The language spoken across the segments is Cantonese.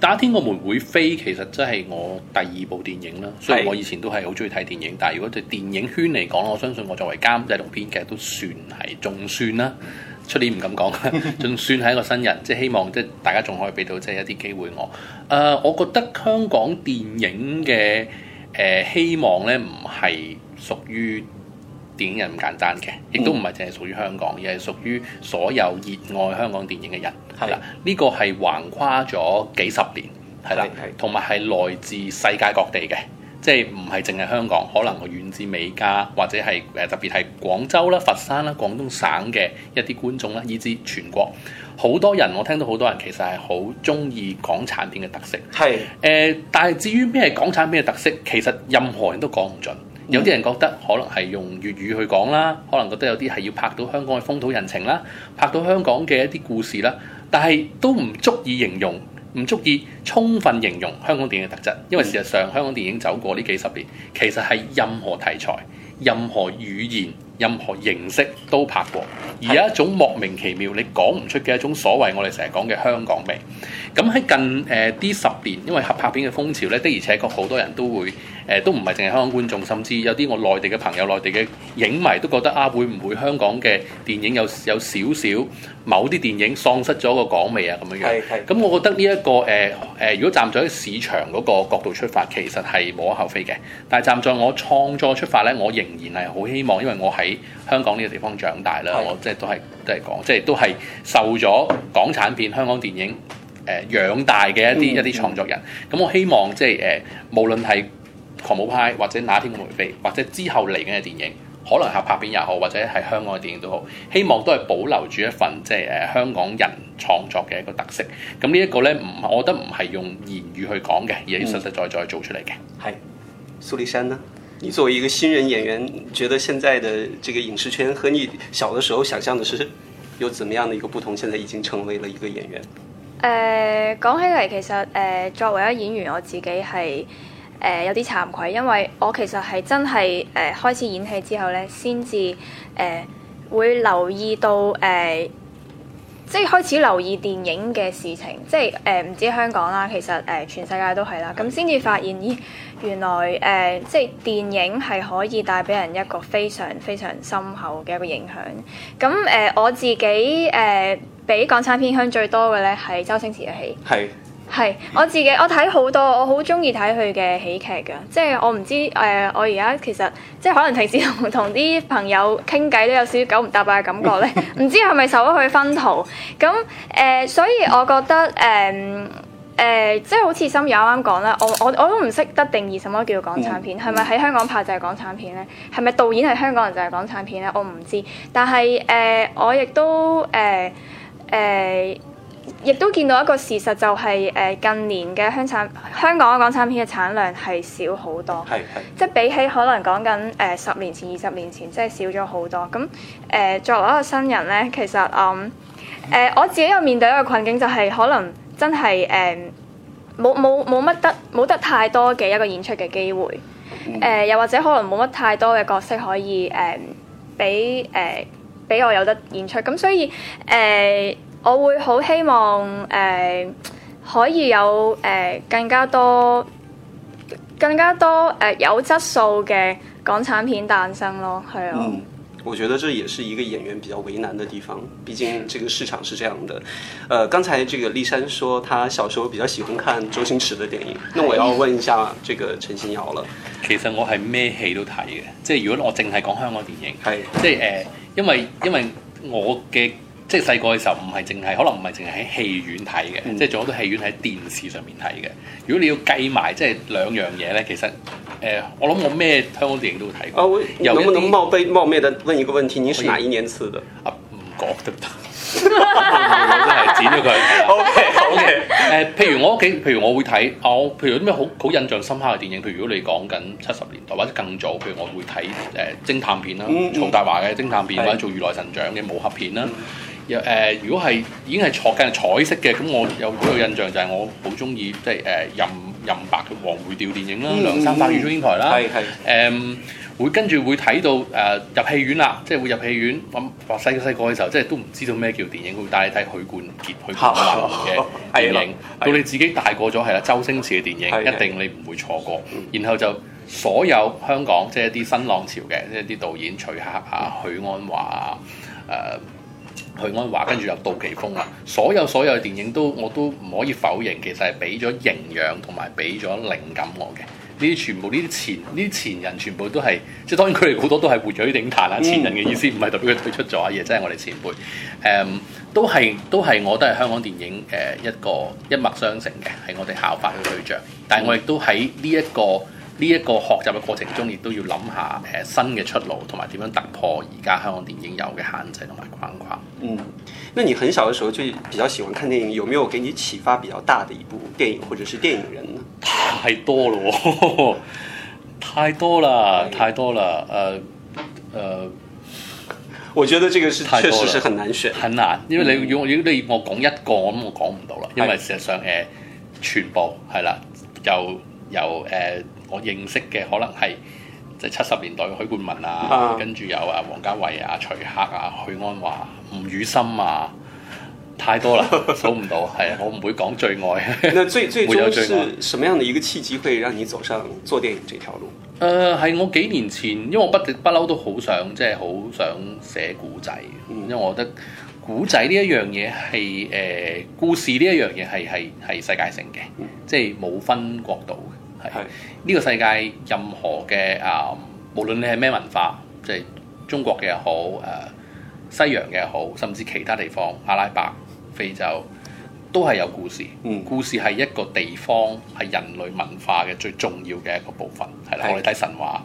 哪天我們會飛，其實真係我第二部電影啦。雖然我以前都係好鍾意睇電影，但係如果對電影圈嚟講，我相信我作為監製同編劇都算係仲算啦。出年唔敢講，仲算係一個新人， 即係希望即係大家仲可以俾到即係一啲機會我。誒、呃，我覺得香港電影嘅誒、呃、希望呢，唔係屬於電影人唔簡單嘅，亦都唔係淨係屬於香港，而係屬於所有熱愛香港電影嘅人。係啦的，呢個係橫跨咗幾十年，係啦的，同埋係來自世界各地嘅，即係唔係淨係香港，可能我遠至美加或者係誒、呃、特別係廣州啦、佛山啦、廣東省嘅一啲觀眾啦，以至全國好多人。我聽到好多人其實係好中意港產片嘅特色。係誒的、呃，但係至於咩係港產片嘅特色，其實任何人都講唔準。有啲人覺得可能係用粵語去講啦，可能覺得有啲係要拍到香港嘅風土人情啦，拍到香港嘅一啲故事啦，但係都唔足以形容，唔足以充分形容香港電影嘅特質，因為事實上香港電影走過呢幾十年，其實係任何題材、任何語言。任何形式都拍過，而有一種莫名其妙，你講唔出嘅一種所謂我哋成日講嘅香港味。咁喺近誒啲、呃、十年，因為合拍片嘅風潮咧的而且確好多人都會誒、呃、都唔係淨係香港觀眾，甚至有啲我內地嘅朋友、內地嘅影迷都覺得啊，會唔會香港嘅電影有有少少某啲電影喪失咗個港味啊咁樣樣。係。係。咁我覺得呢一個誒誒、呃呃、如果站在市場嗰個角度出發，其實係無可厚非嘅。但係站在我創作出發咧，我仍然係好希望，因為我係。香港呢個地方長大啦，的我即係都係都係講，即係都係受咗港產片、香港電影誒、呃、養大嘅一啲、嗯、一啲創作人。咁、嗯、我希望即係誒、呃，無論係《狂舞派》或者《哪天會飛》，或者之後嚟緊嘅電影，可能係合拍片又好，或者係香港嘅電影都好，希望都係保留住一份即係誒、呃、香港人創作嘅一個特色。咁呢一個咧，唔，我覺得唔係用言語去講嘅，而係實實在在做出嚟嘅。係、嗯，蘇麗珊啦的。你作為一個新人演員，覺得現在的這個影視圈和你小的時候想象的是有怎麼樣的一個不同？現在已經成為了一個演員。誒、呃，講起嚟其實誒、呃，作為一演員，我自己係誒、呃、有啲慚愧，因為我其實係真係誒、呃、開始演戲之後咧，先至誒會留意到誒。呃即係開始留意電影嘅事情，即係誒唔止香港啦，其實誒、呃、全世界都係啦，咁先至發現，咦，原來誒、呃、即係電影係可以帶俾人一個非常非常深厚嘅一個影響。咁誒、呃、我自己誒俾、呃、港產片香最多嘅咧，係周星馳嘅戲。係。係，我自己我睇好多，我好中意睇佢嘅喜劇嘅，即係我唔知誒、呃，我而家其實即係可能平時同同啲朋友傾偈都有少少九唔搭八嘅感覺咧，唔 知係咪受咗佢薰陶咁誒，所以我覺得誒誒、呃呃，即係好似心遙啱講啦，我我我都唔識得定義什麼叫港產片，係咪喺香港拍就係港產片咧？係咪導演係香港人就係港產片咧？我唔知，但係誒、呃、我亦都誒誒。呃呃呃亦都見到一個事實，就係，就係誒近年嘅香產香港嘅港產片嘅產量係少好多，係係，即係比起可能講緊誒十年前、二十年前，即係少咗好多。咁誒、呃、作為一個新人咧，其實嗯誒、呃呃、我自己又面對一個困境，就係可能真係誒冇冇冇乜得冇得太多嘅一個演出嘅機會，誒、嗯呃、又或者可能冇乜太多嘅角色可以誒俾誒俾我有得演出，咁所以誒。呃呃我會好希望誒、呃，可以有誒、呃、更加多、呃、更加多誒、呃、有質素嘅港產片誕生咯，係啊、哦嗯。我覺得這也是一個演員比較為難的地方，畢竟這個市場是這樣的。誒、呃，剛才這個麗珊說他小時候比較喜歡看周星馳的電影，是那我要問一下這個陳心遙了。其實我係咩戲都睇嘅，即係如果我淨係講香港電影，係是即係誒、呃，因為因為我嘅。即係細個嘅時候，唔係淨係，可能唔係淨係喺戲院睇嘅，即係做咗啲戲院喺電視上面睇嘅。如果你要計埋，即係兩樣嘢咧，其實誒，我諗我咩香港電影都會睇過。啊，我能不能冒昧冒昧的問一個問題？您是哪一年次的？啊，唔講得得？我真係剪咗佢。O K O K。誒，譬如我屋企，譬如我會睇，我譬如有啲咩好好印象深刻嘅電影，譬如如果你講緊七十年代或者更早，譬如我會睇誒偵探片啦，曹達華嘅偵探片或者做如來神掌嘅武俠片啦。又如果係已經係坐緊彩色嘅，咁我有嗰個印象就係我好鍾意即係誒任任白嘅黃梅調電影啦，《梁山伯與祝英台》啦，係係誒會跟住會睇到誒入戲院啦，即係會入戲院。咁細細個嘅時候，即係都唔知道咩叫電影，會帶你睇許冠傑、許冠傑嘅電影。到你自己大過咗，係啦，周星馳嘅電影一定你唔會錯過。然後就所有香港即係一啲新浪潮嘅，即係啲導演徐克啊、許鞍華啊，許鞍華跟住又杜琪峰啦，所有所有嘅電影都我都唔可以否認，其實係俾咗營養同埋俾咗靈感我嘅。呢啲全部呢啲前呢啲前人全部都係，即係當然佢哋好多都係活咗在影壇啦。前人嘅意思唔係代表佢退出咗啊嘢，而真係我哋前輩誒、嗯，都係都係我都係香港電影誒一個一脈相承嘅，係我哋效法嘅對象。但係我亦都喺呢一個。呢一個學習嘅過程中，亦都要諗下誒、呃、新嘅出路，同埋點樣突破而家香港電影有嘅限制同埋框框。嗯，那你很小嘅時候最比較喜歡看電影，有沒有給你啟發比較大的一部電影，或者是電影人呢？太多了呵呵，太多了，是太多了。誒、呃、誒，呃、我覺得這個是，確實是很難選，很難，因為你、嗯、如果如果你我講一個，我都講唔到啦。因為事實上誒、呃，全部係啦，又又誒。我認識嘅可能係即係七十年代嘅許冠文啊，uh, 跟住有啊王家衛啊、徐克啊、許鞍華、啊、吳宇森啊，太多啦，數唔到，係啊， 我唔會講最愛。 那最最終是什麼樣嘅一個契機，會讓你走上做電影這條路？誒，係我幾年前，因為我不不嬲都好想，即係好想寫古仔，mm. 因為我覺得古仔呢一樣嘢係誒故事呢一樣嘢係係係世界性嘅，即係冇分國度嘅。係呢是個世界任何嘅啊，無論你係咩文化，即、就、係、是、中國嘅好誒、啊，西洋嘅好，甚至其他地方阿拉伯，非洲都係有故事。嗯、故事係一個地方係人類文化嘅最重要嘅一個部分。係啦，的我哋睇神話。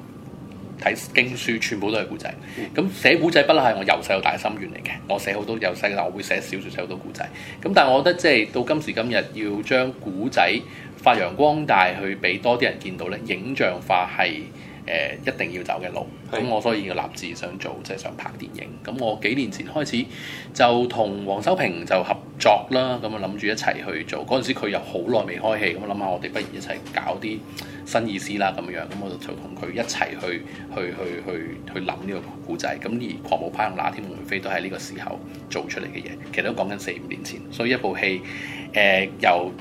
睇經書全部都係古仔，咁寫古仔不嬲係我由細到大嘅心願嚟嘅。我寫好多由細到大，我會寫小説，寫好多古仔。咁但係我覺得即係到今時今日，要將古仔發揚光大，去俾多啲人見到咧，影像化係誒、呃、一定要走嘅路。咁是我所以要立志想做，即、就、係、是、想拍電影。咁我幾年前開始就同黃修平就合作啦，咁啊諗住一齊去做。嗰陣時佢又好耐未開戲，咁我諗下我哋不如一齊搞啲。新意思啦，咁樣咁我就同佢一齊去去去去去諗呢個故仔，咁而《狂舞派》同《哪一天我哋會飛》都喺呢個時候做出嚟嘅嘢，其實都講緊四五年前，所以一部戲誒、呃、由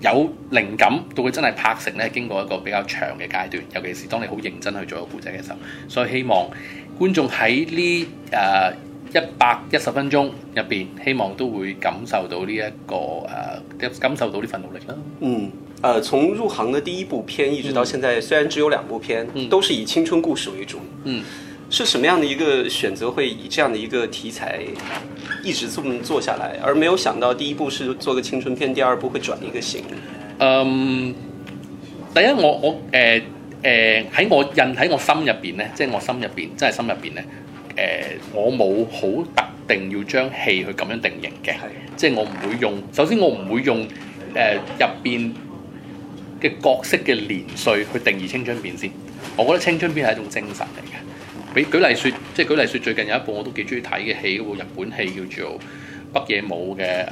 有靈感到佢真係拍成咧，經過一個比較長嘅階段，尤其是當你好認真去做一個故仔嘅時候，所以希望觀眾喺呢誒一百一十分鐘入邊，希望都會感受到呢、這、一個誒、呃、感受到呢份努力啦。嗯。呃，從入行的第一部片一直到現在，嗯、雖然只有兩部片，嗯、都是以青春故事為主。嗯，是什麼樣的一個選擇會以這樣的一個題材一直這麼做下來，而沒有想到第一部是做個青春片，第二部會轉一個型？嗯，第一我我誒誒喺我印喺、呃、我、我心入邊呢，即、就、係、是、我心入邊，真係心入邊呢，我冇好特定要將戲去咁樣定型嘅，即係的我唔會用，首先我唔會用誒、呃、入邊，入面嘅角色嘅年歲去定義青春片先，我覺得青春片係一種精神嚟嘅。比舉例説，即係舉例説，最近有一部我都幾中意睇嘅戲，嗰部日本戲叫做《北野武嘅誒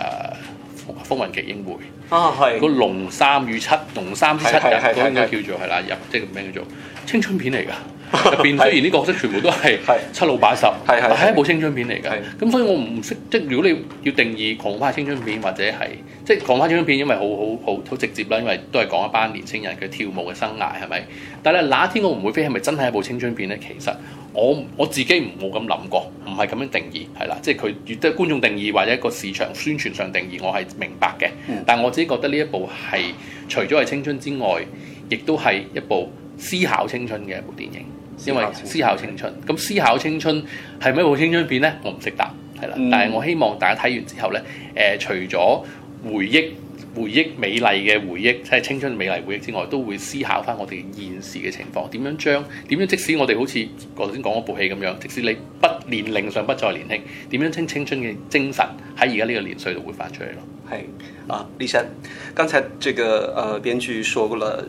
風雲奇英會》啊，係個龍三與七，龍三七嘅應該叫做係啦，入即係個名叫做青春片嚟㗎。入邊雖然啲角色全部都係七老八十，係係一部青春片嚟㗎，咁是所以我唔識，即係如果你要定義《狂花》青春片或者係即係《狂花》青春片，春片因為好好好好直接啦，因為都係講一班年青人嘅跳舞嘅生涯係咪？但係哪一天我唔會飛係咪真係一部青春片呢？其實我我自己唔冇咁諗過，唔係咁樣定義係啦，即係佢都係觀眾定義或者一個市場宣傳上定義，我係明白嘅。嗯，但係我自己覺得呢一部係除咗係青春之外，亦都係一部思考青春嘅一部電影。因為思考青春，咁 思考青春係咪一部青春片呢？我唔識答，係啦。嗯、但係我希望大家睇完之後呢，誒、呃，除咗回憶、回憶美麗嘅回憶，即係青春美麗回憶之外，都會思考翻我哋現時嘅情況，點樣將點樣，即使我哋好似頭先講嗰部戲咁樣，即使你不年齡上不再年輕，點樣將青春嘅精神喺而家呢個年歲度會發出嚟咯。係啊，李生，剛才這個呃編劇說過了。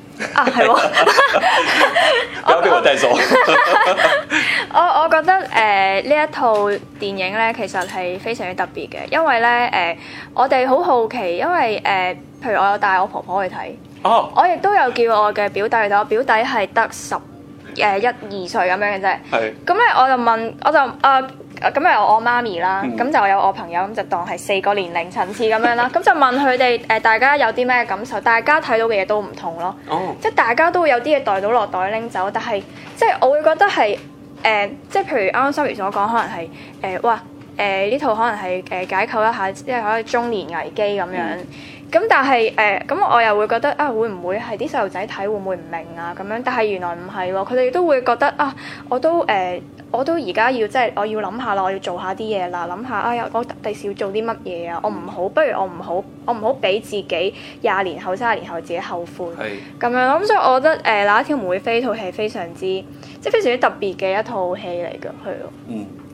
啊，係，交俾我定數。我我覺得誒，呢、呃、一套電影咧，其實係非常之特別嘅，因為咧誒、呃，我哋好好奇，因為誒、呃，譬如我有帶我婆婆去睇，oh. 我亦都有叫我嘅表弟去睇，我表弟係得十誒、呃、一二歲咁樣嘅啫，咁咧的我就問，我就誒。呃咁有我媽咪啦，咁、嗯、就有我朋友，咁就當係四個年齡層次咁樣啦。咁就問佢哋誒，大家有啲咩感受？大家睇到嘅嘢都唔同咯，哦、即係大家都會有啲嘢袋到落袋拎走，但係即係我會覺得係誒、呃，即係譬如啱啱 Sophie 所講，可能係誒、呃，哇誒呢、呃、套可能係誒、呃、解構一下，即係可以中年危機咁樣。嗯。咁但係誒，咁、呃、我又會覺得啊，會唔會係啲細路仔睇會唔會唔明啊咁樣？但係原來唔係喎，佢哋都會覺得啊，我都誒、呃，我都而家要即係我要諗下啦，我要做下啲嘢啦，諗下哎呀，我第時要做啲乜嘢啊？我唔好，不如我唔好，我唔好俾自己廿年後、三十年後自己後悔。係是。咁樣，咁、嗯、所以我覺得誒、呃，哪一天我哋會飛套戲非常之，即係非常之特別嘅一套戲嚟嘅。係咯。嗯。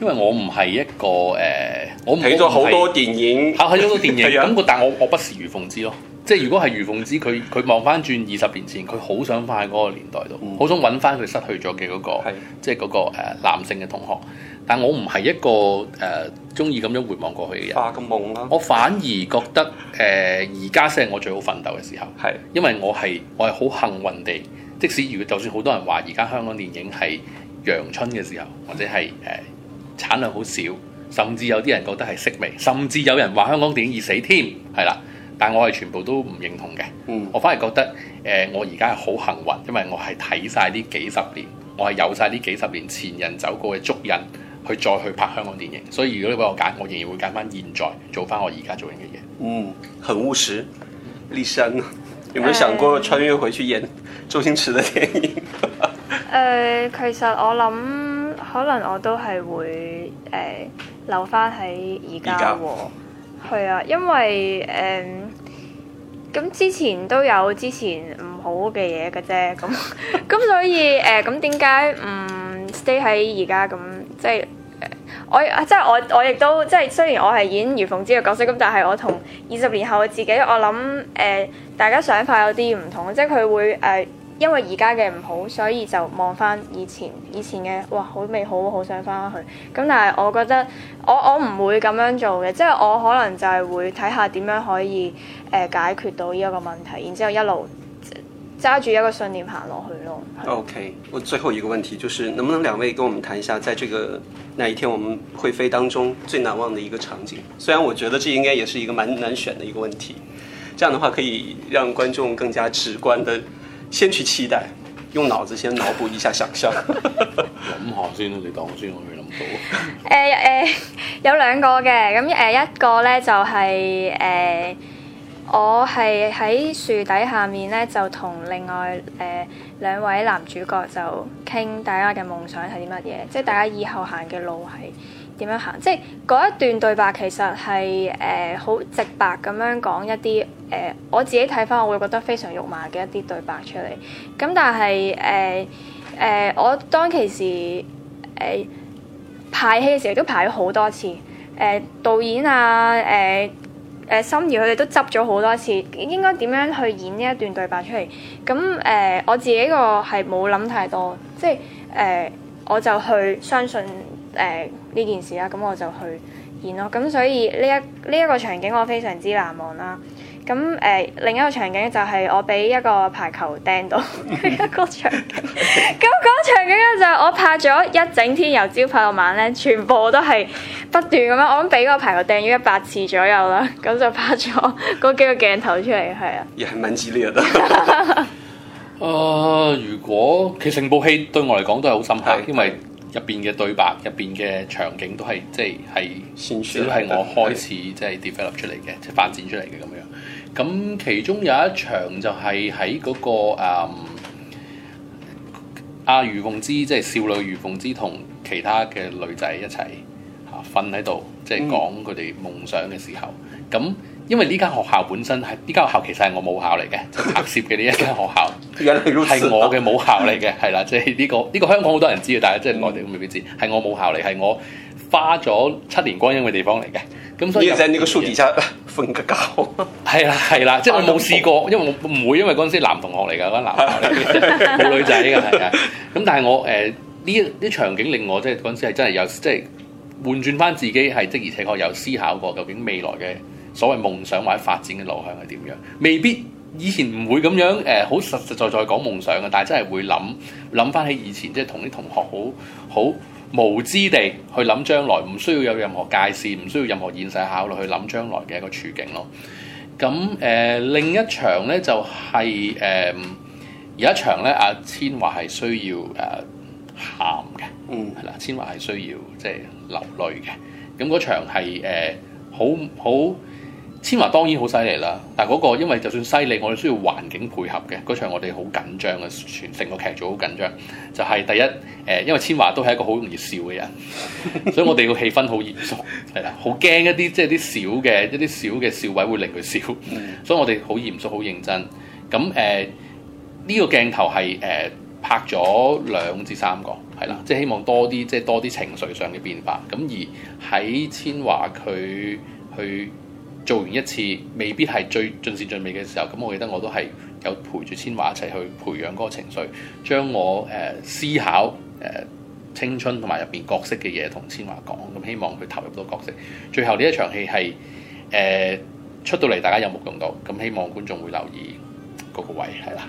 因為我唔係一個誒、呃，我唔起咗好多電影，嚇、啊、起咗好多電影，咁個，但我我不是余鳳芝咯。即係如果係余鳳芝，佢佢望翻轉二十年前，佢好想翻喺嗰個年代度，好、嗯、想揾翻佢失去咗嘅嗰個，是即係嗰、那個、呃、男性嘅同學。但我唔係一個誒中意咁樣回望過去嘅人。個夢、啊、我反而覺得誒而家先係我最好奮鬥嘅時候。係是，因為我係我係好幸運地，即使如果就算好多人話而家香港電影係陽春嘅時候，或者係誒。呃 產量好少，甚至有啲人覺得係式微，甚至有人話香港電影已死添，係啦。但我係全部都唔認同嘅。嗯，我反而覺得，誒、呃，我而家係好幸運，因為我係睇晒呢幾十年，我係有晒呢幾十年前人走過嘅足印，去再去拍香港電影。所以如果你俾我揀，我仍然會揀翻現，現在做翻我而家做緊嘅嘢。嗯，很務實，立身。有冇想過穿越回去演周星馳嘅電影？誒、嗯 嗯，其實我諗。可能我都係會誒、呃、留翻喺而家喎，係啊在、哦，因為誒咁、呃、之前都有之前唔好嘅嘢嘅啫，咁咁 所以誒咁點解唔 stay 喺而家咁？即、就、係、是呃、我即係、就是、我我亦都即係、就是、雖然我係演余鳳芝嘅角色，咁但係我同二十年後嘅自己，我諗誒、呃、大家想法有啲唔同，即係佢會誒。呃因為而家嘅唔好，所以就望翻以前，以前嘅哇好美好，好想翻去。咁但係我覺得我我唔會咁樣做嘅，即係我可能就係會睇下點樣可以誒、呃、解決到呢一個問題，然之後一路揸住一個信念行落去咯。OK，我最後一個問題就是，能不能兩位跟我們談一下，在這個那一天我們會飛當中最難忘的一個場景？雖然我覺得這應該也是一個蠻難選的一個問題，這樣的話，可以讓觀眾更加直觀的。先去期待，用腦子先腦補一下想象。諗 下先都未諗，最容易諗到。誒誒、 呃呃，有兩個嘅，咁誒一個咧就係、是、誒、呃，我係喺樹底下面咧，就同另外誒、呃、兩位男主角就傾大家嘅夢想係啲乜嘢， 即係大家以後行嘅路係點樣行， 即係嗰一段對白其實係誒好直白咁樣講一啲。誒、呃，我自己睇返，我會覺得非常肉麻嘅一啲對白出嚟。咁但係誒誒，我當其時誒排、呃、戲嘅時候都排咗好多次。誒、呃，導演啊，誒、呃、誒，心遙佢哋都執咗好多次，應該點樣去演呢一段對白出嚟？咁誒、呃，我自己個係冇諗太多，即係誒，我就去相信誒呢、呃、件事啦。咁我就去演咯。咁所以呢一呢一個場景，我非常之難忘啦。咁誒、嗯，另一個場景就係我俾一個排球掟到， 一 個場景。咁嗰場景咧就係我拍咗一整天由朝拍到晚咧，全部都係不斷咁樣，我咁俾嗰個排球掟咗一百次左右啦。咁就拍咗嗰幾個鏡頭出嚟，係啊。亦係文字呢個，都。啊，如果其實成部戲對我嚟講都係好深刻，對因為入邊嘅對白、入邊嘅場景都係即係係，算算係我開始即係對 develop 出嚟嘅，即係發展出嚟嘅咁樣。咁其中有一場就係喺嗰個阿、嗯啊、余鳳芝，即、就、係、是、少女余鳳芝同其他嘅女仔一齊嚇瞓喺度，即、啊、係、就是、講佢哋夢想嘅時候。咁、嗯、因為呢間學校本身係呢間學校，其實係我母校嚟嘅，拍攝嘅呢一間學校係我嘅母校嚟嘅，係啦， 即係呢個呢、這個香港好多人知嘅，但係即係內地都未必知，係、嗯、我母校嚟，係我花咗七年光陰嘅地方嚟嘅。咁所以，即呢個樹底下，瞓個覺，係啦係啦，即係我冇試過，因為我唔會，因為嗰陣時男同學嚟㗎，嗰、那個、男同學冇女仔㗎，係啊。咁但係我誒呢一啲場景令我即係嗰陣時係真係有即係換轉翻自己，係即而且確有思考過究竟未來嘅所謂夢想或者發展嘅路向係點樣？未必以前唔會咁樣誒，好、呃、實實在在講夢想嘅，但係真係會諗諗翻起以前即係同啲同學好好。無知地去諗將來，唔需要有任何界線，唔需要任何現實考慮去諗將來嘅一個處境咯。咁誒、呃、另一場咧就係、是、誒、呃、有一場咧阿千嬅係需要誒喊嘅。嗯係啦，千嬅係需要即係、呃嗯就是、流淚嘅。咁嗰場係好、呃、好。好千嬅當然好犀利啦，但係、那、嗰個因為就算犀利，我哋需要環境配合嘅嗰、那個、場，我哋好緊張嘅，全成個劇組好緊張。就係、是、第一，誒、呃，因為千嬅都係一個好容易笑嘅人，所以我哋個氣氛好嚴肅，係啦， 好驚一啲即係啲小嘅一啲小嘅笑位會令佢笑， 所以我哋好嚴肅好認真。咁誒呢個鏡頭係誒、呃、拍咗兩至三個，係啦，即、就、係、是、希望多啲即係多啲情緒上嘅變化。咁而喺千嬅佢佢做完一次未必係最盡善盡美嘅時候，咁我記得我都係有陪住千嬅一齊去培養嗰個情緒，將我誒、呃、思考誒、呃、青春同埋入邊角色嘅嘢同千嬅講，咁希望佢投入到角色。最後呢一場戲係誒出到嚟，大家有冇見到？咁希望觀眾會留意嗰個位，係啦。